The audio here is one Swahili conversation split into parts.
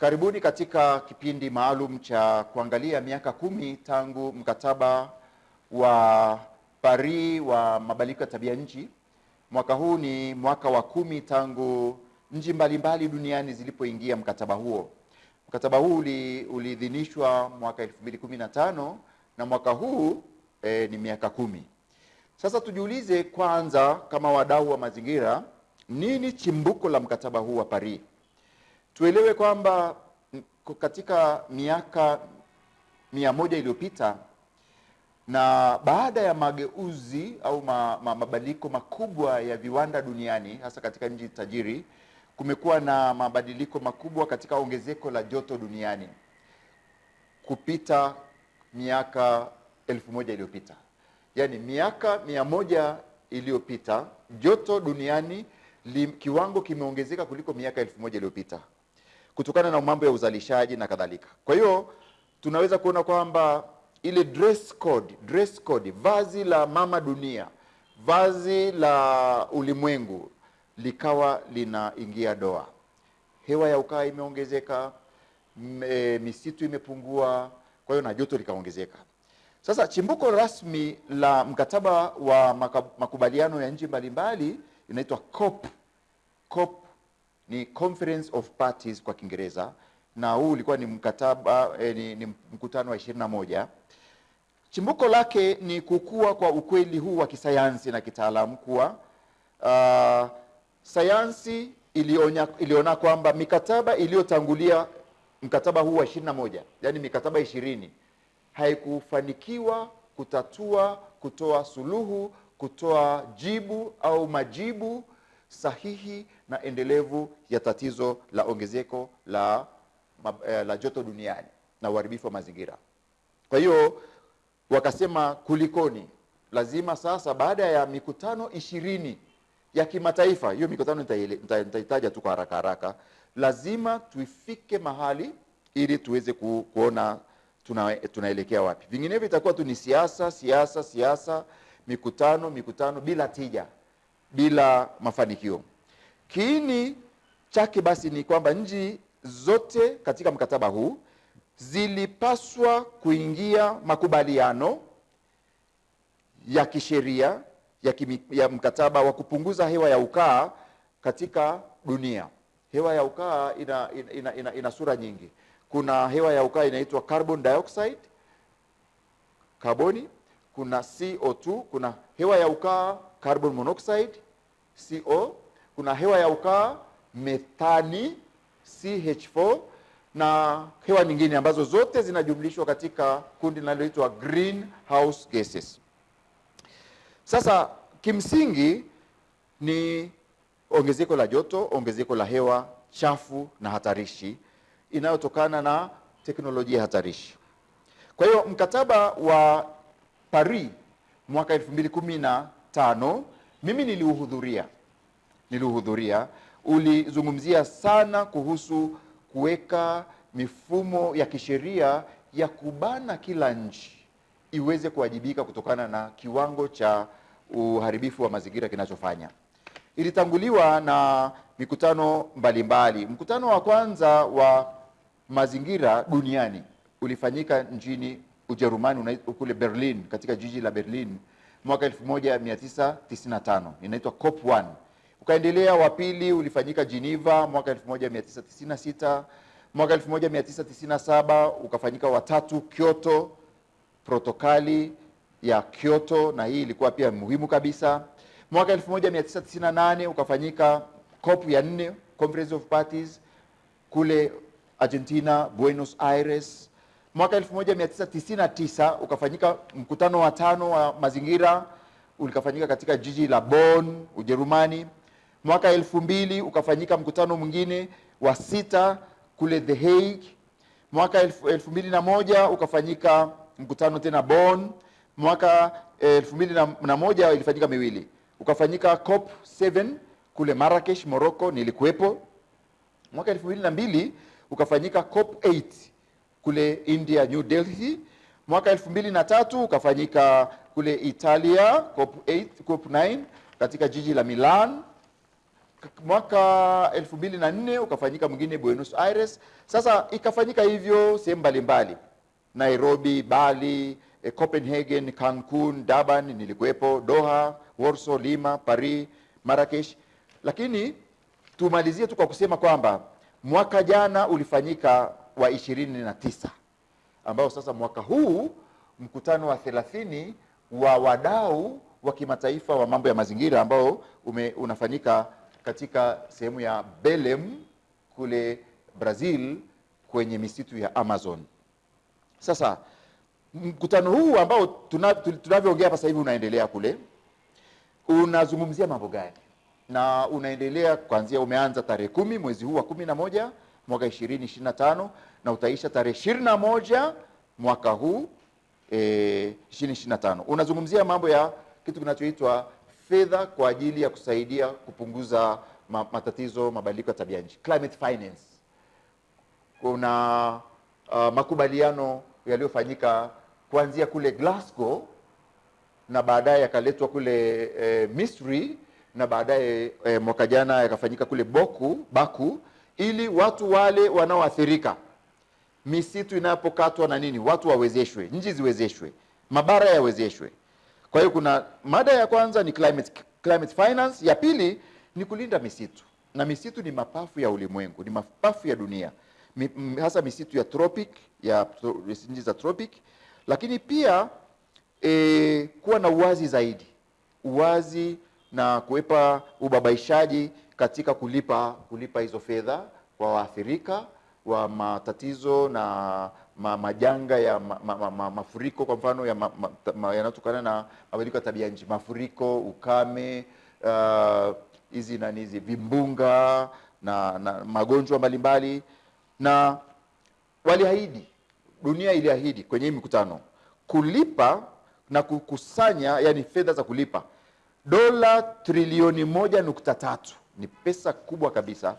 Karibuni katika kipindi maalum cha kuangalia miaka kumi tangu mkataba wa Paris wa mabadiliko ya tabia nchi. Mwaka huu ni mwaka wa kumi tangu nchi mbalimbali duniani zilipoingia mkataba huo. Mkataba huu uliidhinishwa mwaka 2015 na mwaka huu e, ni miaka kumi. Sasa tujiulize kwanza, kama wadau wa mazingira, nini chimbuko la mkataba huu wa Paris? Tuelewe kwamba katika miaka mia moja iliyopita na baada ya mageuzi au ma, ma, mabadiliko makubwa ya viwanda duniani hasa katika nchi tajiri, kumekuwa na mabadiliko makubwa katika ongezeko la joto duniani kupita miaka elfu moja iliyopita. Yaani miaka mia moja iliyopita joto duniani li, kiwango kimeongezeka kuliko miaka elfu moja iliyopita kutokana na mambo ya uzalishaji na kadhalika. Kwa hiyo tunaweza kuona kwamba ile dress code, dress code, vazi la mama dunia, vazi la ulimwengu likawa linaingia doa. Hewa ya ukaa imeongezeka, misitu imepungua, kwa hiyo na joto likaongezeka. Sasa chimbuko rasmi la mkataba wa makubaliano ya nchi mbalimbali inaitwa COP, COP ni Conference of Parties kwa Kiingereza, na huu ulikuwa ni mkataba eh, ni, ni mkutano wa 21. Chimbuko lake ni kukua kwa ukweli huu wa kisayansi na kitaalamu kuwa uh, sayansi ilionya, iliona kwamba mikataba iliyotangulia mkataba huu wa 21, yani mikataba ishirini haikufanikiwa kutatua, kutoa suluhu, kutoa jibu au majibu sahihi na endelevu ya tatizo la ongezeko la, eh, la joto duniani na uharibifu wa mazingira. Kwa hiyo wakasema kulikoni, lazima sasa baada ya mikutano ishirini ya kimataifa, hiyo mikutano nitaitaja tu kwa haraka haraka, lazima tuifike mahali ili tuweze ku, kuona tuna, tunaelekea wapi. Vinginevyo itakuwa tu ni siasa siasa siasa, mikutano mikutano bila tija bila mafanikio. Kiini chake basi ni kwamba nchi zote katika mkataba huu zilipaswa kuingia makubaliano ya kisheria ya, ya mkataba wa kupunguza hewa ya ukaa katika dunia. Hewa ya ukaa ina, ina, ina, ina, ina sura nyingi. Kuna hewa ya ukaa inaitwa carbon dioxide, kaboni. Kuna CO2, kuna hewa ya ukaa carbon monoxide CO, kuna hewa ya ukaa methani CH4 na hewa nyingine ambazo zote zinajumlishwa katika kundi linaloitwa greenhouse gases. Sasa kimsingi ni ongezeko la joto, ongezeko la hewa chafu na hatarishi inayotokana na teknolojia hatarishi. Kwa hiyo mkataba wa Paris mwaka 2010 tano mimi niliuhudhuria, niliuhudhuria. Ulizungumzia sana kuhusu kuweka mifumo ya kisheria ya kubana kila nchi iweze kuwajibika kutokana na kiwango cha uharibifu wa mazingira kinachofanya. Ilitanguliwa na mikutano mbalimbali mbali. Mkutano wa kwanza wa mazingira duniani ulifanyika nchini Ujerumani kule Berlin, katika jiji la Berlin mwaka 1995 inaitwa COP 1. Ukaendelea, wa pili ulifanyika Geneva mwaka 1996, mwaka 1997 ukafanyika watatu Kyoto, protokali ya Kyoto, na hii ilikuwa pia muhimu kabisa. Mwaka 1998 ukafanyika COP ya nne, Conference of Parties kule Argentina, Buenos Aires Mwaka 1999 ukafanyika mkutano wa tano wa mazingira ulikafanyika katika jiji la Bonn, Ujerumani. Mwaka elfu mbili ukafanyika mkutano mwingine wa sita kule The Hague. Mwaka elfu, elfu mbili na moja ukafanyika mkutano tena Bonn. Mwaka eh, elfu mbili na moja ilifanyika miwili, ukafanyika COP 7 kule Marrakesh, Morocco, nilikuwepo. Mwaka elfu mbili na mbili ukafanyika COP 8 kule India, New Delhi. Mwaka elfu mbili na tatu ukafanyika kule Italia, COP 8, COP 9 katika jiji la Milan. Mwaka elfu mbili na nne ukafanyika mwingine Buenos Aires. Sasa ikafanyika hivyo sehemu mbalimbali, Nairobi, Bali, eh, Copenhagen, Cancun, Durban, nilikuwepo Doha, Warsaw, Lima, Paris, Marrakesh. Lakini tumalizie tu kwa kusema kwamba mwaka jana ulifanyika wa ishirini na tisa ambao sasa mwaka huu mkutano wa thelathini wa wadau wa kimataifa wa mambo ya mazingira ambao ume, unafanyika katika sehemu ya Belem kule Brazil kwenye misitu ya Amazon. Sasa mkutano huu ambao tunavyoongea hapa sasa hivi unaendelea kule, unazungumzia mambo gani? Na unaendelea kuanzia, umeanza tarehe kumi mwezi huu wa kumi na moja mwaka 2025 na utaisha tarehe 21 mwaka huu e, 2025. Unazungumzia mambo ya kitu kinachoitwa fedha kwa ajili ya kusaidia kupunguza matatizo mabadiliko ya tabia nchi, climate finance. Kuna uh, makubaliano yaliyofanyika kuanzia kule Glasgow na baadaye yakaletwa kule e, Misri na baadaye e, mwaka jana yakafanyika kule Boku, Baku ili watu wale wanaoathirika, misitu inapokatwa na nini, watu wawezeshwe, nchi ziwezeshwe, mabara yawezeshwe. Kwa hiyo kuna mada ya kwanza ni climate, climate finance. Ya pili ni kulinda misitu, na misitu ni mapafu ya ulimwengu, ni mapafu ya dunia, hasa misitu ya tropic, ya nchi za tropic, lakini pia e, kuwa na uwazi zaidi, uwazi na kuwepa ubabaishaji katika kulipa kulipa hizo fedha kwa waathirika wa matatizo na ma, majanga ya ma, ma, ma, mafuriko kwa mfano ya ma, ma, yanayotokana na mabadiliko ya tabia nchi, mafuriko, ukame, uh, hizi uh, nani hizi vimbunga na, na magonjwa mbalimbali. Na waliahidi, dunia iliahidi kwenye hii mikutano kulipa na kukusanya, yani fedha za kulipa dola trilioni moja nukta tatu ni pesa kubwa kabisa.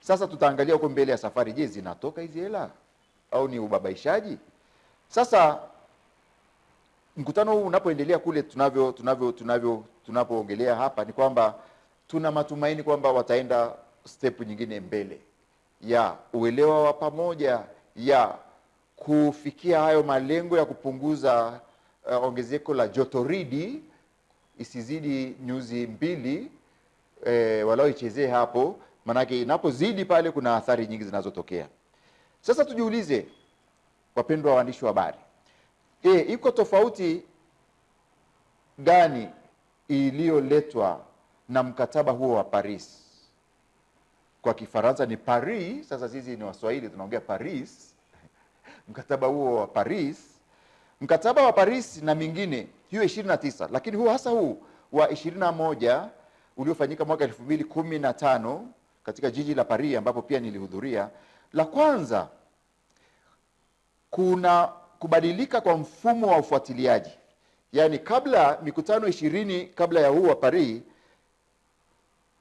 Sasa tutaangalia huko mbele ya safari, je, zinatoka hizi hela au ni ubabaishaji? Sasa mkutano huu unapoendelea kule, tunavyo tunavyo tunavyo tunapoongelea hapa ni kwamba tuna matumaini kwamba wataenda step nyingine mbele ya uelewa wa pamoja ya kufikia hayo malengo ya kupunguza uh, ongezeko la jotoridi isizidi nyuzi mbili e, eh, walaoichezea hapo, maanake inapozidi pale kuna athari nyingi zinazotokea. Sasa tujiulize, wapendwa waandishi wa habari, e, iko tofauti gani iliyoletwa na mkataba huo wa Paris? Kwa Kifaransa ni Paris. Sasa sisi ni Waswahili tunaongea Paris. mkataba huo wa Paris, mkataba wa Paris na mingine hiyo ishirini na tisa, lakini huu hasa huu wa ishirini na moja uliofanyika mwaka elfu mbili kumi na tano katika jiji la Paris ambapo pia nilihudhuria. La kwanza kuna kubadilika kwa mfumo wa ufuatiliaji, yaani kabla mikutano ishirini kabla ya huu wa Paris,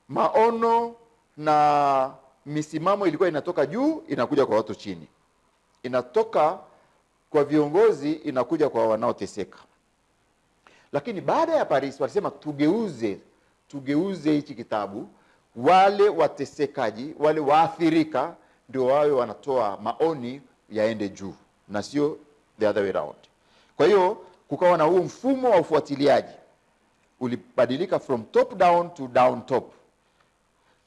maono na misimamo ilikuwa inatoka juu inakuja kwa watu chini, inatoka kwa viongozi inakuja kwa wanaoteseka. Lakini baada ya Paris walisema tugeuze tugeuze hichi kitabu, wale watesekaji, wale waathirika ndio wawe wanatoa maoni yaende juu na sio the other way around. Kwa hiyo kukawa na huu mfumo wa ufuatiliaji ulibadilika from top down to down top.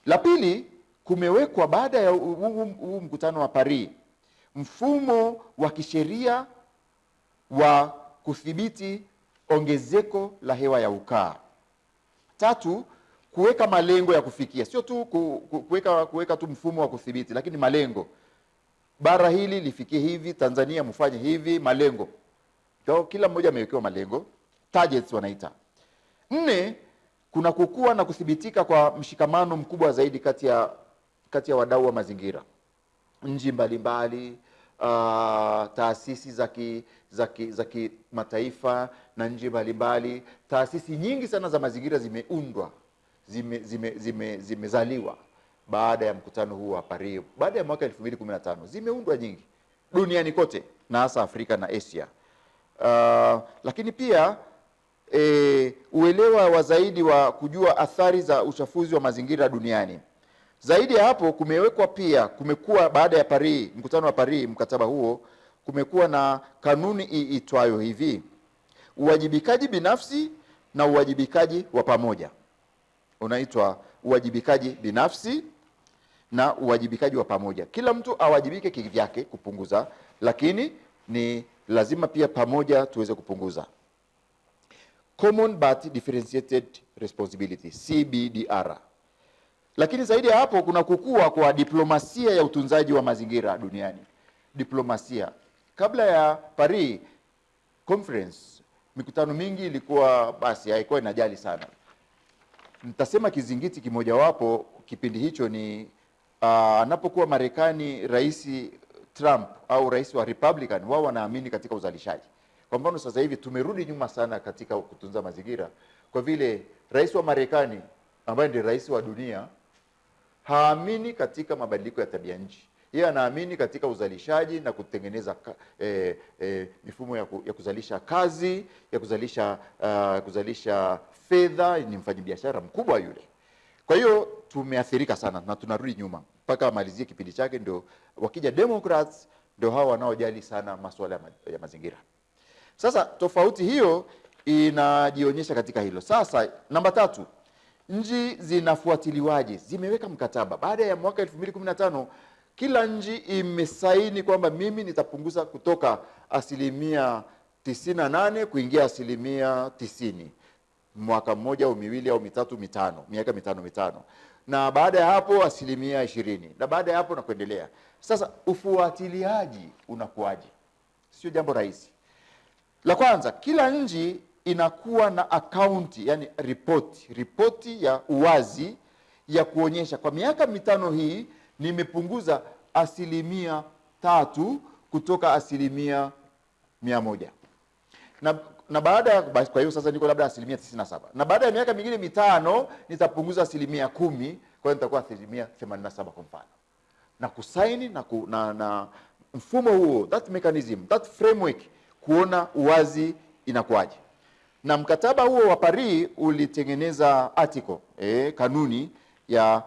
La pili kumewekwa baada ya huu mkutano wa Paris mfumo wa kisheria wa kudhibiti ongezeko la hewa ya ukaa. Tatu, kuweka malengo ya kufikia, sio tu kuweka kuweka tu mfumo wa kudhibiti, lakini malengo, bara hili lifikie hivi, Tanzania mfanye hivi, malengo kwa kila mmoja amewekewa malengo, targets wanaita. Nne, kuna kukua na kuthibitika kwa mshikamano mkubwa zaidi kati ya kati ya wadau wa mazingira nji mbalimbali uh, taasisi za kimataifa na nje mbalimbali. Taasisi nyingi sana za mazingira zimeundwa, zimezaliwa zime, zime, zime baada ya mkutano huu wa Paris, baada ya mwaka 2015 zimeundwa nyingi duniani kote na hasa Afrika na Asia. Uh, lakini pia e, uelewa wa zaidi wa kujua athari za uchafuzi wa mazingira duniani zaidi ya hapo kumewekwa pia, kumekuwa baada ya Paris, mkutano wa Paris, mkataba huo, kumekuwa na kanuni iitwayo hivi uwajibikaji binafsi na uwajibikaji wa pamoja, unaitwa uwajibikaji binafsi na uwajibikaji wa pamoja. Kila mtu awajibike kivyake kupunguza, lakini ni lazima pia pamoja tuweze kupunguza. Common but differentiated responsibility, CBDR. Lakini zaidi ya hapo kuna kukua kwa diplomasia ya utunzaji wa mazingira duniani. Diplomasia kabla ya Paris conference, mikutano mingi ilikuwa basi haikuwa inajali sana. Nitasema kizingiti kimojawapo kipindi hicho ni ah, anapokuwa uh, Marekani Rais Trump au rais wa Republican, wao wanaamini katika uzalishaji. Kwa mfano sasa hivi tumerudi nyuma sana katika kutunza mazingira, kwa vile rais wa Marekani ambaye ndiye rais wa dunia haamini katika mabadiliko ya tabia nchi. Yeye anaamini katika uzalishaji na kutengeneza e, e, mifumo ya, ku, ya kuzalisha kazi ya kuzalisha uh, kuzalisha fedha. Ni mfanyabiashara mkubwa yule. Kwa hiyo tumeathirika sana na tunarudi nyuma mpaka amalizie kipindi chake, ndio wakija Democrats, ndio hawa wanaojali sana masuala ya mazingira. Sasa tofauti hiyo inajionyesha katika hilo. Sasa namba tatu nchi zinafuatiliwaje? Zimeweka mkataba baada ya mwaka 2015 kila nchi imesaini kwamba mimi nitapunguza kutoka asilimia 98 kuingia asilimia 90 mwaka mmoja au miwili au mitatu mitano, miaka mitano mitano, na baada ya hapo asilimia ishirini, na baada ya hapo na kuendelea. Sasa ufuatiliaji unakuwaje? Sio jambo rahisi. La kwanza, kila nchi inakuwa na akaunti, yani ripoti, ripoti ya uwazi ya kuonyesha kwa miaka mitano hii nimepunguza asilimia tatu kutoka asilimia mia moja na, na baada ya kwa hiyo sasa niko labda asilimia tisini na saba na baada ya miaka mingine mitano nitapunguza asilimia kumi kwa hiyo nitakuwa asilimia themanini na saba kwa mfano na kusaini na, ku, na, na mfumo huo that mechanism, that framework kuona uwazi inakuwaje na mkataba huo wa Paris ulitengeneza article e, kanuni ya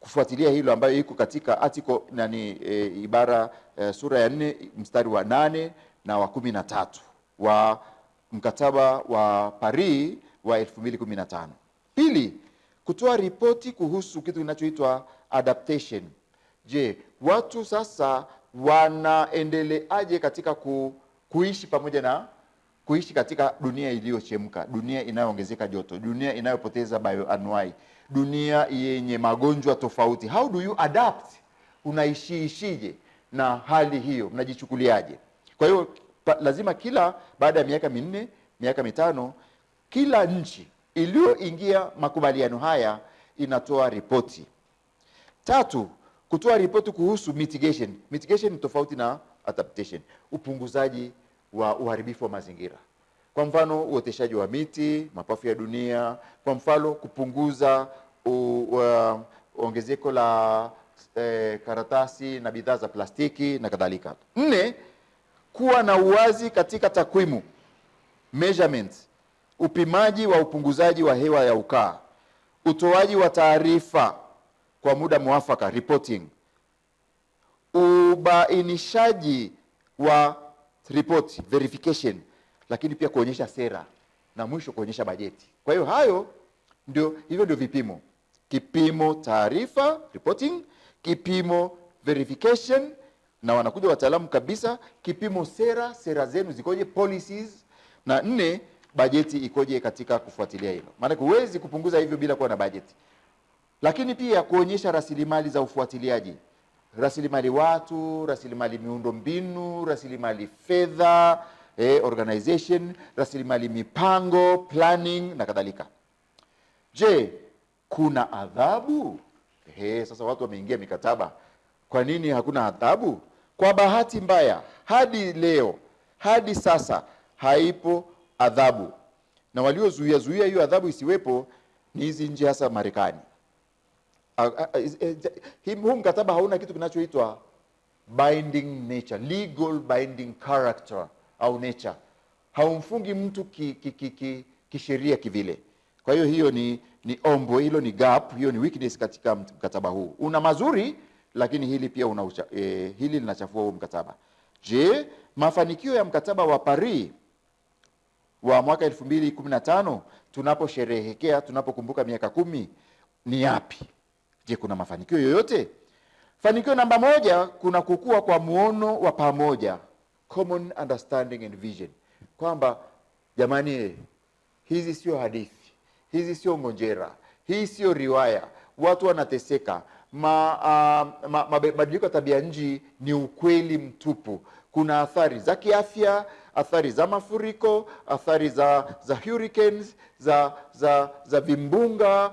kufuatilia hilo ambayo iko katika article ni e, ibara e, sura ya nne mstari wa nane na wa kumi na tatu wa mkataba wa Paris wa 2015. Pili, kutoa ripoti kuhusu kitu kinachoitwa adaptation. Je, watu sasa wanaendeleaje katika ku, kuishi pamoja na kuishi katika dunia iliyochemka, dunia inayoongezeka joto, dunia inayopoteza bioanuai, dunia yenye magonjwa tofauti. How do you adapt? Unaishiishije na hali hiyo? Mnajichukuliaje? Kwa hiyo lazima kila baada ya miaka minne, miaka mitano, kila nchi iliyoingia makubaliano haya inatoa ripoti. Tatu, kutoa ripoti kuhusu mitigation. Mitigation ni tofauti na adaptation, upunguzaji wa uharibifu wa mazingira, kwa mfano uoteshaji wa miti, mapafu ya dunia, kwa mfano kupunguza uh, ongezeko la e, karatasi na bidhaa za plastiki na kadhalika. Nne, kuwa na uwazi katika takwimu measurements, upimaji wa upunguzaji wa hewa ya ukaa, utoaji wa taarifa kwa muda mwafaka reporting, ubainishaji wa report verification, lakini pia kuonyesha sera na mwisho kuonyesha bajeti. Kwa hiyo hayo ndio, hivyo ndio vipimo: kipimo taarifa reporting, kipimo verification na wanakuja wataalamu kabisa, kipimo sera, sera zenu zikoje, policies, na nne bajeti ikoje katika kufuatilia hilo. Maana huwezi kupunguza hivyo bila kuwa na bajeti, lakini pia kuonyesha rasilimali za ufuatiliaji rasilimali watu, rasilimali miundombinu, rasilimali fedha, eh, organization, rasilimali mipango, planning na kadhalika. Je, kuna adhabu? He, eh, sasa watu wameingia mikataba. Kwa nini hakuna adhabu? Kwa bahati mbaya, hadi leo, hadi sasa haipo adhabu, na waliozuia zuia hiyo adhabu isiwepo ni hizi nchi, hasa Marekani. Ah, ah, ah, eh, huu mkataba hauna kitu kinachoitwa binding nature, legal binding character au nature. Haumfungi mtu kisheria ki, ki, ki, ki kivile. Kwa hiyo hiyo ni ni ombo hilo ni gap, hiyo ni weakness katika mkataba huu. Una mazuri lakini hili pia una ucha, eh, hili linachafua huu mkataba. Je, mafanikio ya mkataba wa Paris wa mwaka 2015 tunaposherehekea tunapokumbuka miaka kumi ni yapi? Je, kuna mafanikio yoyote? Fanikio namba moja, kuna kukua kwa muono wa pamoja, common understanding and vision, kwamba jamani, hizi sio hadithi, hizi sio ngonjera, hii sio riwaya, watu wanateseka. Ma, uh, ma, ma, ya tabia nchi ni ukweli mtupu. Kuna athari za kiafya, athari za mafuriko, athari za za hurricanes, za za za vimbunga,